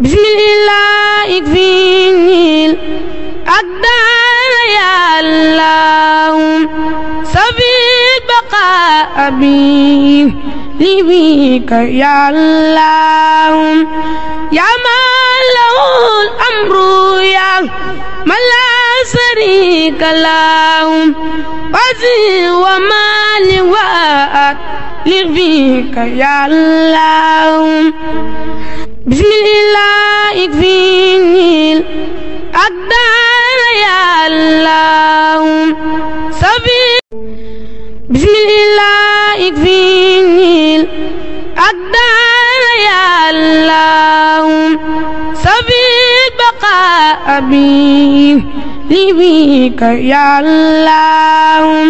بسم الله اكفيني الأقدار يا الله سبي البقاء ابي لبيك يا الله يا ما له الأمر يا من لا شريك له وزي ومال لواء لبيك يا الله bismillah ik fiñil ak daana yàllaahum sabi bismillah ik fiñil ak daana yàllaahum sabi baqa abi libika yàllaahum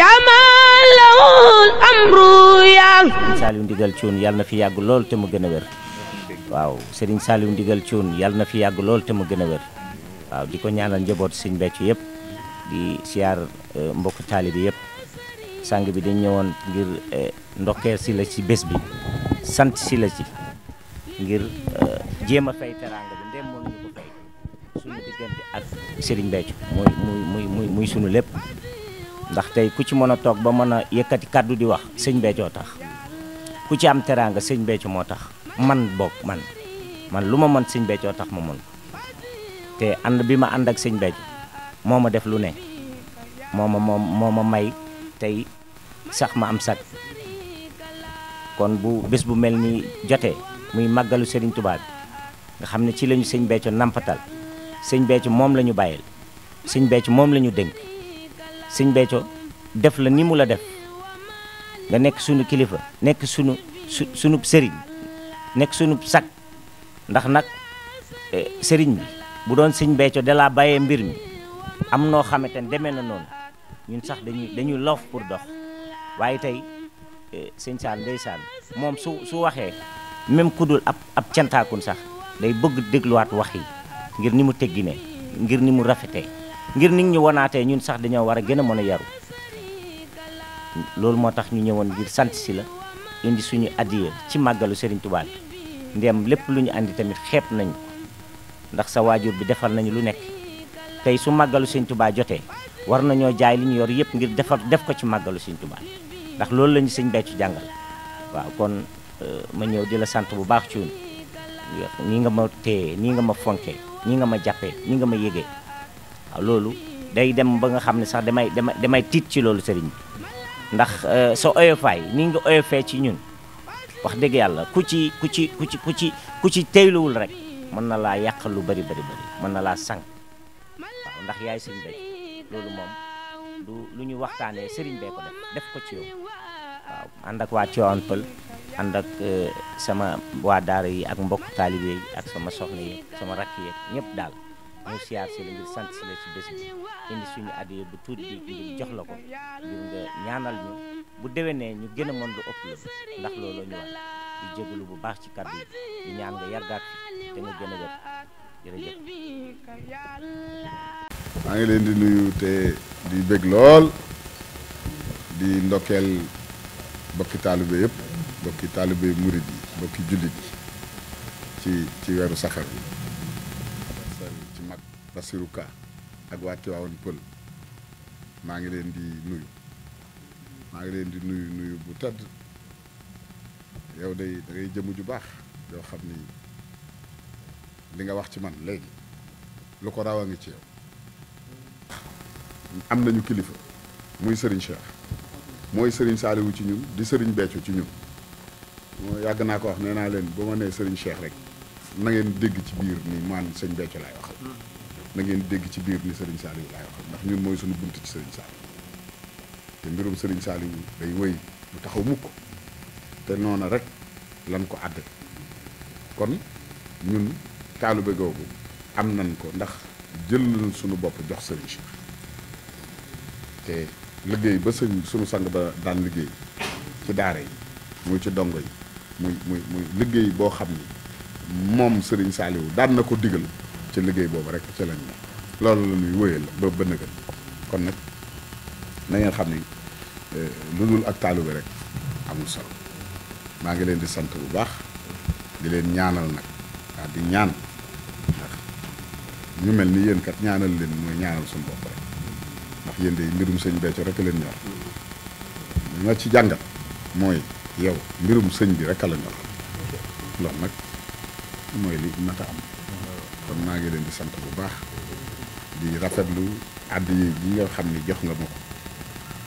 yaa maa lahul amru yaa Saliou Ndigal Thioune yàlla na fi yàgg lool te mu gën a wér waaw Serigne Saliou Ndigal Thioune yàlla na fi yàgg loolu te mu gën a wér waaw di ko ñaanal njaboot Sëñ Béthio yëpp di siyaar euh, mbokk taalibe yëpp sang bi dañ ñëwoon ngir euh, ndokkeel si la ci bés bi sant si la ci ngir euh, jéem a fay teraanga bi ndem moom ñu ko fay suñu diggante ak Serigne Béthio muy muy muy lépp ndax tey ku ci mën a toog ba mën a yëkkati kàddu di wax sëñ Béthio tax ku ci am teraanga sëñ Béthio moo tax man boog man man lu ma mën sëñ Béthio tax ma te ànd bi ma ànd ak sëñ Béthio moo ma def lu ne moo ma moo may tey sax ma am sag kon bu bés bu mel ni jotee muy màggalu Serigne tubaab bi nga xam ne ci lañu sëñ Béthio nampatal sëñ Béthio moom la ñu bàyyil sëñ Béthio moom la ñu dénk sëñ Béthio def la ni mu la def nga nekk sunu kilifa nekk sunu su sunu sëriñ nekk suñu sag ndax nag eh, sëriñ bi bu doon sëñ Béthio de laa bàyyee mbir mi am noo xamante ne deme na noonu ñun sax dañuy dañuy loof pour dox waaye tey eh, sëñ Saan ndeysaan moom su su waxee même ku dul ab ab cantaakun sax day bëgg dégluwaat wax yi ngir ni mu tegginee ngir ni mu rafetee ngir nit ñu wanaatee ñun sax dañoo war a gën a mën a yaru loolu moo tax ñu ñëwoon ngir sant si la indi suñu addiya ci màggalu Serigne Touba bi lépp lu ñu indi tamit xeeb nañu ndax sa waajur bi defal nañu lu nekk tey su màggalu sëñ Touba jotee war nañoo jaay li ñu yor yëpp ngir defar def ko ci màggalu Serigne Touba ndax loolu la ñu sëñ beccu jàngal waaw kon euh, ma ñëw di la sant bu baax ci nii nga ma téye nii nga ma fonke nii nga ma jàppee nii nga ma yégee waaw loolu day dem ba nga xam ne sax damay damay damay tiit ci loolu sëriñ bi ndax euh, sa oyofaay ni nga oyofee ci ñun wax dëgg yàlla ku ci ku ci ku ci ku ci ku ci teyluwul rek mën na laa yàq lu bari bari bari mën na laa sànq waaw ndax yaay sëñ bay loolu moom du lu ñu waxtaanee sëriñ bee ko def ko ci yow waaw ànd ak waa Tivaouane Peulh ànd ak euh, sama waa daara yi ak mbokk taalibe yi ak sama soxna yi sama rakk yi ñëpp daal ñu siyaar si la ngir sant si la ci bés bi indi suñu addiya bu tuuti jox la ko ngir nga ñaanal ñu bu déwénee ñu gën a mën lu ëpp la ndax loolu ñu wax di jégalu bu baax ci kàddu yi di ñaan nga yargaat te nga gën a wér jërëjëf. maa ngi leen di nuyu te di bëgg lool di ndokkeel bokki taalibe yëpp bokki taalibe murid yi bokki jullit yi ci weeru safar Bassirou Ka ak waa Tivaouane Pël maa ngi leen di nuyu maa ngi leen di nuyu nuyu bu tedd yow day da ngay jëmm ju baax yoo xam ni li nga wax ci man léegi lu ko raw a ngi ci yow am nañu kilifa muy Serigne Cheikh mooy sëriñ Saliou ci ñun di sëriñ Béthio ci ñun moo yàgg naa ko wax nee naa leen ba ma nee Serigne Cheikh rek na ngeen dégg ci biir ni man sëñ Béthio laay waxal na ngeen dégg ci biir ni Serigne Saliou laay wax ndax ñun mooy suñu bunt ci Serigne Saliou te mbirum Serigne Saliou day lu taxaw mukk te noona rek lan ko àdd kon ñun taalube googu am nan ko ndax jël nañ suñu bopp jox Serigne si te liggéey ba sëñ suñu sang ba daan liggéey ci daara yi muy ci dongo yi muy muy muy liggéey boo xam ni moom sëriñ Saliou daan na ko diggal ci liggéey boobu rek ci lañ ne loolu la ñuy wóyal ba ba nëgën kon nag na xam ni euh, lu dul ak taalu rek amul solo maa ngi leen di sant bu baax di leen ñaanal nag waa di ñaan ndax ñu mel ni yéen kat ñaanal leen mooy ñaanal suñu rek ndax yéen de mbirum sëñ Béthio rek a leen ñor ma ci jàngat mooy yow mbirum sëñ bi rek a la ñor loolu nag mooy lii mat a am. kon maa ngi leen di sant bu baax di rafet rafetlu àddi yi nga xam ni jox nga ma ko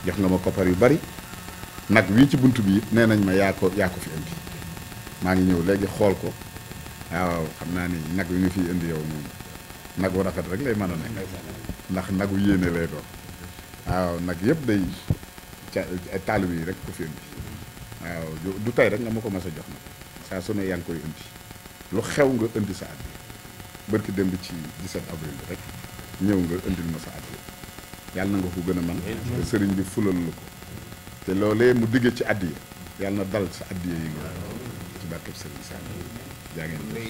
jox nga ma koppar yu bari nag wii ci bunt bi it nee nañ ma yaa ko yaa ko fi indi maa ngi ñëw léegi xool ko waaw xam naa ni nag wi nga fi indi yow moom nag wu rafet rek lay mën a nekk ndax nagu wu yéene lay doon waaw nag yëpp day ca yi rek ko fi indi waaw du tey rek nga ma ko mas jox nag saa su ne yaa ngi koy indi lu xew nga indi sa àddiya bërki démb ci 17 avril bi rek ñëw nga indil ma sa addiya yàlla na nga ko gën a man te sëriñ bi fulal la ko te loolee mu diggee ci addiya yàlla na dal sa addiya yi nga ci barkeb sëriñ Saliou jaa ngeen